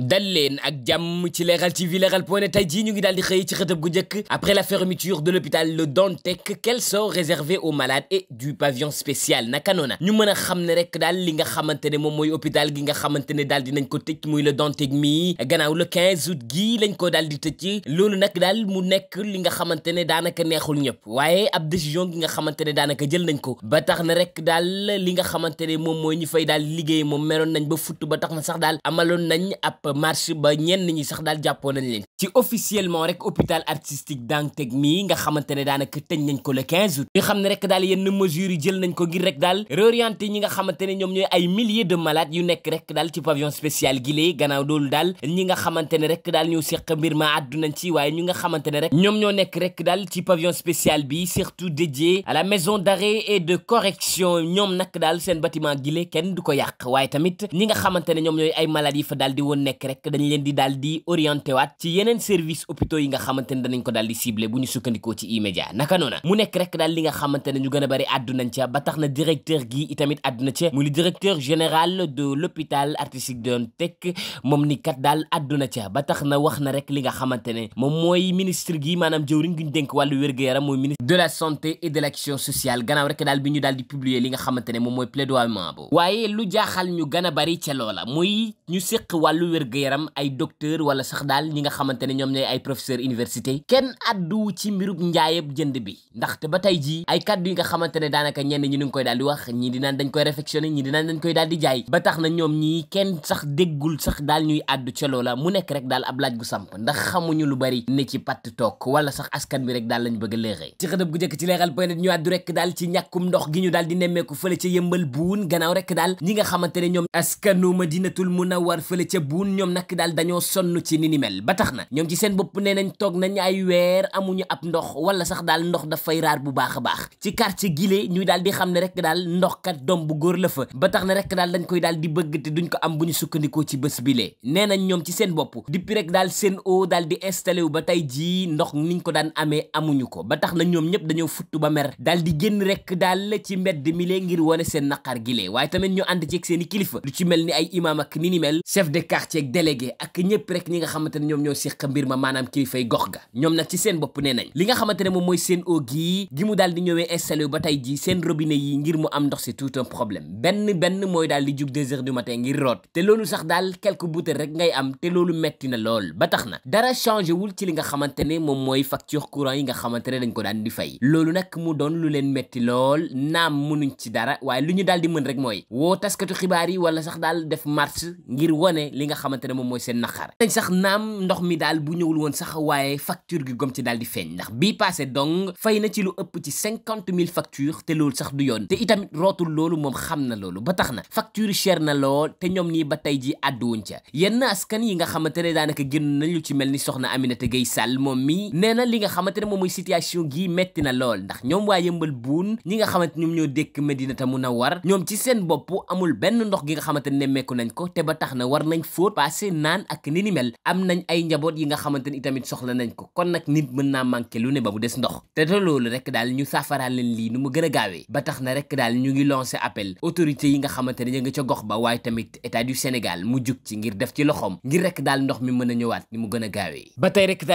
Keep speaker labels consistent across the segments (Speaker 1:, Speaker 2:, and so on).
Speaker 1: dal leen ak jàmm ci Leral TV Leral point net tey jii ñu ngi daal di xëy ci xëtëb gu njëkk après la fermeture de l'hôpital Le Dantec quel sort réservé aux malades et du pavillon spécial naka noona ñu mën a xam ne rek daal li nga xamante ne moom mooy hôpital gi nga xamante ne daal dinañ ko tëj muy Le Dantec mii gannaaw le 15 lañ ko daal di tëj loolu nag daal mu nekk li nga xamante ne daanaka neexul ñëpp waaye ab décision gi nga xamante ne daanaka jël nañ ko ba tax na rek daal li nga xamante ne moom mooy ñu fay daal liggéey moom meloon nañ ba futt ba tax na sax daal amaloon nañ ab jàpp marche ba ñenn ñi sax daal jàppoo nañ leen ci officiellement rek hôpital artistique Dantec mii nga xamante ne daanaka tëj nañ ko le 15 août xam ne rek daal yenn mesures ñi nga xamante ñoom nekk rek daal ci pavillon spécial ne rek daal ñu seq mbir ma àddu nañ ci waaye ñi nga xamante ne rek ñoom nekk rek daal ci pavillon spécial bi surtout dédié à la maison d'arrêt et de correction ñoom nag daal seen bâtiment gilée kenn du ko yàq waaye tamit ñi nga xamante ñoom ñooy ay malades fa daal di woon nekk nekk rek dañ leen di daal di orienté waat ci yeneen service hôpitaux yi nga xamante ne di ciblé bu ñu sukkandikoo ci immédiat naka noona mu nekk rek daal li nga xamante ne ñu gën a bëri ba tax na directeur gi itamit àdduna ca mu li directeur de l'hôpital artistique Don Teck moom ni kat daal àdduna ca ba tax na wax na rek li nga xamante ne moom mooy ministre gi maanaam jëwriñ gi ñu dénk wàllu wér-gu-yaram mooy ministre de la santé et de rek daal bi ñu daal di publier li nga xamante ne moom mooy plaidoyer a wér-gu-yaram ay docteur wala sax daal ñi nga xamante ne ñoom ñooy ay professeur université kenn addu ci mbirub njaayeb jënd bi ndaxte ba tey jii ay kaddu yi nga xamante ñoom ñii kenn sax déggul a léexee ci ca buun ñun ñoom nag daal dañoo sonn ci ni ni mel ba tax na ñoom ci seen bopp nee nañ toog nañ ay weer amuñu ab ndox wala sax daal ndox dafay raar bu baax a baax ci quartier gile ñuy daal di xam ne rek daal ndox kat doom bu góor la fa ba tax na rek daal dañ koy daal di bëgg te duñ ko am bu ñu sukkandikoo ci bés bile nee nañ ñoom ci seen bopp depuis rek daal seen o daal di installé wu ba tey jii ndox niñ ko daan amee amuñu ko ba tax na ñoom ñëpp dañoo futtu ba mer daal di génn rek daal ci mbedd mi lee ngir wone seen naqar gile waaye tamit ñu ànd ci ak kilifa ci mel ni ay yeeg délégué ak ñëpp rek ñi nga xamante ne ñoom ñoo séq mbir ma maanaam ñoom nag ci seen bopp nee li nga xamante moom mooy seen eau gi mu daal di ñëwee installé ba tey ji seen robinet yi ngir mu am ndox c'est problème benn benn mooy daal jug deux heures du matin ngir root te loolu sax daal quelques bouteilles rek ngay am te loolu metti na lool ba tax na dara changé wul ci li nga xamante ne moom mooy facture courant yi nga xamante ne dañ ko daan di fay loolu nag mu doon lu leen metti lool naam mënuñ ci dara waaye lu ñu daal di mën rek mooy xamante ne moom mooy seen naqar dañ sax naam ndox mi daal bu ñëwul woon sax waaye facture gi gom ci daal di feeñ ndax bii passé donc fay na ci lu ëpp ci cinquante mille facture te loolu sax du yoon te itamit rootul loolu moom xam na loolu ba tax na facture cher na lool te ñoom nii ba tey ji àdduwuñ yenn askan yi nga xamante ne daanaka génn nañ lu ci mel ni soxna Aminata Gueye Sall moom mi nee li nga xamante ne moom mooy situation gii metti na lool ndax ñoom waa yëmbal buun dépassé naan ak ni ni mel am nañ ay njaboot yi nga xamante ni itamit soxla nañ ko kon nag nit mën naa manqué lu ne ba mu des ndox te te loolu rek daal ñu saafaraal leen nu mu gën a ba tax rek daal ci ngir def ci a a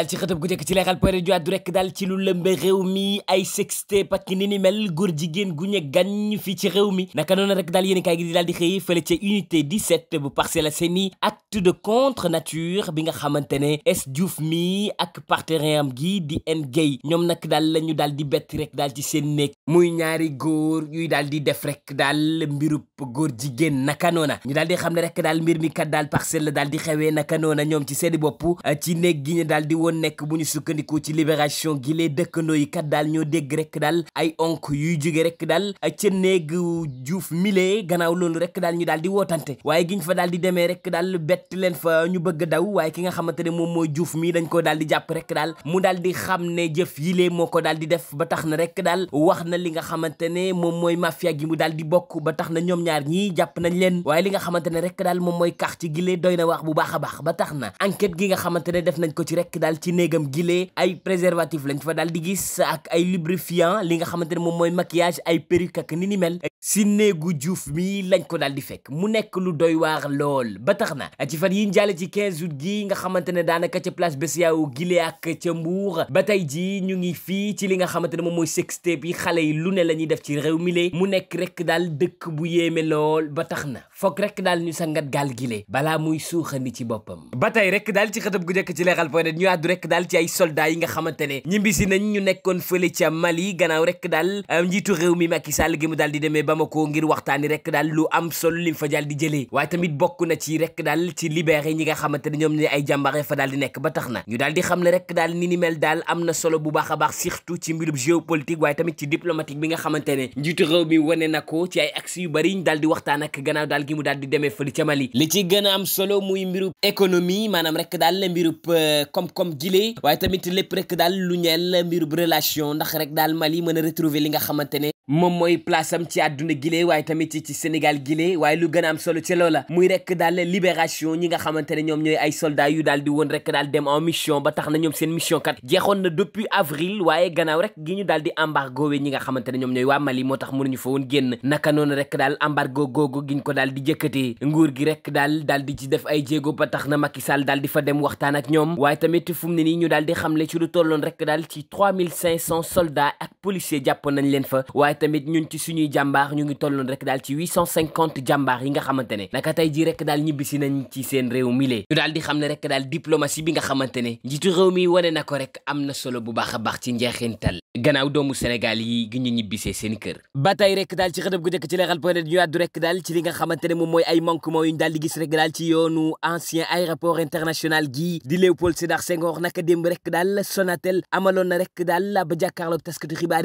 Speaker 1: ci xëtëb gu njëkk ci du rek daal ci lu lëmbe réew mi ay sextape ak ni mel góor jigéen gu ñe gàñ fii ci réew mi naka noonu rek daal yéen kaay gi daal di xëy fële ca unité 17 bu Parcelles Assainies acte de contre nature bi nga xamante ne es Diouf mi ak partenaire am gi di Ngueye ñoom nag daal la ñu daal di bett rek daal ci seen néeg muy ñaari góor yuy daal di def rek daal mbirub góor jigéen naka noona ñu daal di xam ne rek daal mbir mi kat daal parcelle la daal di xewee naka noona ñoom ci seeni bopp ci néeg gi ñu daal di woon nekk bu ñu sukkandiku ci libération gi les dëkkandoo yi kat daal ñoo dégg rek daal ay onk yuy jóge rek daal ca néegu juuf mile gannaaw loolu rek daal ñu daal di wootante waaye giñ fa daal di demee rek daal bett leen fa ñu bëgg daw waaye ki nga xamante ne moom mooy Diouf mi dañ ko daal di jàpp rek daal mu daal di xam ne jëf yilee moo ko daal di def ba tax na rek daal wax na li nga xamante ne moom mooy mafia gi mu daal di bokk ba tax na ñoom ñaar ñii jàpp nañ leen waaye li nga xamante ne rek daal moom mooy quartier gilee doy na wax bu baax a baax ba tax na enquête gi nga xamante ne def nañ ko ci rek daal ci néegam gilee ay préservatif lañ fa daal di gis ak ay lubrifiant li nga xamante ne moom mooy maquillage ay perruque si néegu Diouf mi lañ ko daal di fekk mu nekk lu doy waar lool ba tax na ci fan yi njàlle ci 15 août gi nga xamante ne daanaka ca place Bessiaou gile ak ca Mbour ba tey jii ñu ngi fii ci li nga xamante ne moom mooy sextape yi xale yi lu ne la ñuy def ci réew mi le mu nekk rek daal dëkk bu yéeme lool ba tax na foog rek daal ñu sangat gaal gile balaa muy suuxandi ci boppam ba tey rek daal ci xëtëb gu njëkk ci leeral point net ñu àddu rek daal ci ay soldats euh, mi Macky Sall gi Bamako ngir waxtaani rek daal lu am solo lim fa daal di jëlee waaye tamit bokk na ci rek daal ci libéré ñi nga xamante ne ñoom ne ay jàmbaare fa daal di nekk ba tax na ñu daal di xam ne rek daal ni ni mel daal am na solo bu baax a baax surtout ci mbirub géopolitique waaye tamit ci diplomatique bi nga xamante ne njiitu réew mi wane na ko ci ay axe yu bëri daal di waxtaan ak gannaaw daal gi mu daal di demee fële ca Mali li ci gën a am solo muy mbirub économie maanaam rek daal mbirub euh, koom-koom gilee waaye tamit lépp daal lu ñeel mbirub relation ndax rek daal Mali mën a retrouver li nga xamante ne moom mooy place am ci àdduna gile waaye tamit ci Sénégal gile waaye lu gën solo ci loola muy rek daal libération ñi nga xamante ne ñoom ñooy ay solda yu daal di woon rek daal dem en ba tax na ñoom seen mission kat jeexoon na depuis avril waaye gannaaw rek gi ñu daal di embargo we ñi nga xamante ne ñoom ñooy waa moo tax mënuñu fa woon génn naka noonu rek daal embargo googu giñ ko daal di jëkkatee nguur gi rek daal daal di ci def ay jéego ba tax na Macky Sall daal di fa dem waxtaan ak ñoom waaye tamit fu mu nii ñu daal di xam le ci lu tolloon rek daal ci 3500 soldats ak policiers jàppoon nañ leen fa waaye tamit ñun ci suñuy jàmbaar ñu nga xamante naka tey ji rek daal ñibbisi nañ ci seen réew mi lee ñu daal di solo bu baax a baax ci njeexintal gannaaw doomu Sénégal yi gi ñu ñibbisee seen kër ba tey rek daal ci xëtëb gu njëkk ci leeral point ñu àddu rek daal ci li nga xamante ne ay manquement yu ñu di gis rek daal ci yoonu ancien aéroport international gii di Léopold Sédar Senghor naka démb rek daal Sonatel amaloon na rek daal ba jàkkaarloog taskatu xibaar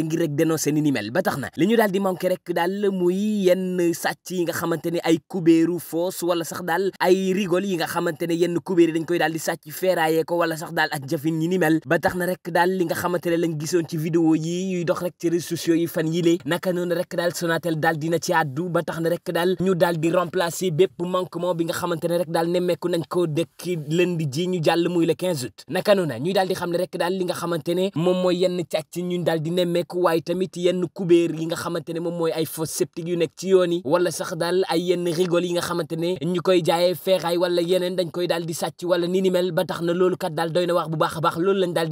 Speaker 1: na li ñu daal di manqué rek daal muy yenn sàcc yi nga xamante ne ay kubéeru foos wala sax daal ay rigol yi nga xamante ne yenn kubéer yi dañ koy daal di sàcc feeraayee ko wala sax daal ak jafin ñi ni mel ba tax na rek daal li nga xamante ne lañ gisoon ci vidéo yi yuy dox rek ci yi fan yi naka noonu rek daal Sonatel daal dina ci àddu ba tax na rek daal ñu daal di remplacer bépp manquement bi nga xamante ne rek daal nemmeeku nañ ko dëkki lundi ji ñu jàll muy le 15 naka noonu ñuy daal di xam ne rek daal li nga xamante ne moom mooy yenn càcc ñun daal di nemmeeku waaye tamit yenn kubéer yi nga xamante ne moom mooy ay fosse septique yu nekk ci yoon yi wala sax daal ay yenn rigole yi nga xamante ne ñu koy jaayee feeraay wala yeneen dañ koy daal di sàcc wala ni ni mel ba tax na loolu kat daal doy bu baax a baax loolu lañ daal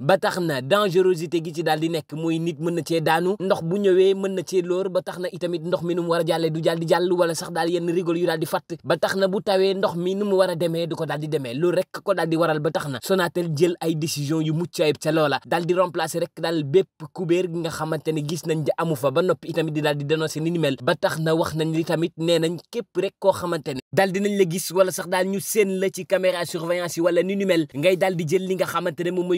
Speaker 1: ba tax na dangerosité gi ci daal di nekk mooy nit mën na daanu ndox bu ñëwee mën na cee ba tax na itamit ndox mi nu mu war a jàllee du jàll di jàll wala sax daal yenn rigole yu daal di fatt ba tax na bu tawee ndox mi nu mu war a demee du ko daal di demee loolu rek ko daal di waral ba tax na Sonatel jël ay décision yu mucc ayib ca loola daal di remplacer rek daal bépp kubéer xamante ne gis nañ ja amu fa ba noppi itamit di di dénoncer ni ba tax na wax nañ li tamit nee nañ rek koo xamante ne daal dinañ la gis wala sax daal ñu seen la ci caméra surveillance yi wala ngay daal di jël li nga xamante ne moom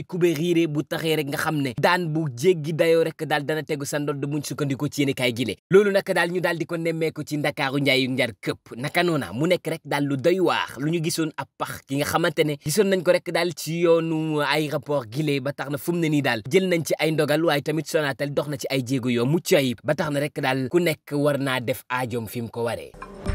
Speaker 1: bu taxee rek nga xam ne daan bu jéggi dayoo rek daal dana tegu sa ndodd muñ sukkandiku ci yéene kaay gile loolu nag daal ñu daal di ko nemmeeku ci ndakaaru njaayu njar këpp naka noona mu nekk rek daal lu doy waax lu ñu gisoon ab pax ki nga xamante ne gisoon dox na ci ay jéego yoo mucc ayib ba tax na rek daal ku nekk war naa def aajoom fi mu ko waree